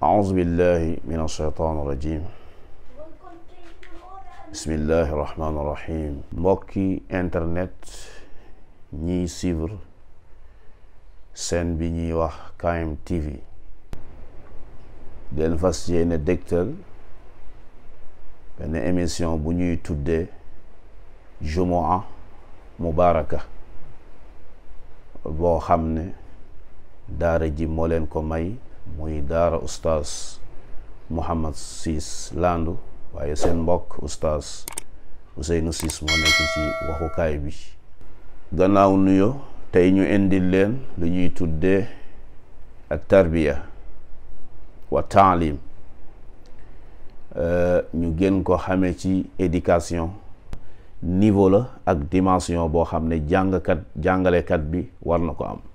أعوذ بالله من الشيطان الرجيم بسم الله الرحمن الرحيم موكي انترنت ني سيفر سن بي ني واخ كايم تي في دين فاس يينا ديكتال بن اميسيون بو ني تودي جمعه مباركه بو خامني دارجي مولين كو ماي muy daara oustaz Mouhamad Ciss Landu waaye seen mbokk oustaz Ousseynou Ciss moo nekk ci waxukaay bi gannaaw nuyo tey ñu indi leen lu ñuy tuddee ak tarbiya wa taalim euh, ñu gën ko xamee ci éducation niveau la ak dimension boo xam ne jàngkat jàngalekat bi war na ko am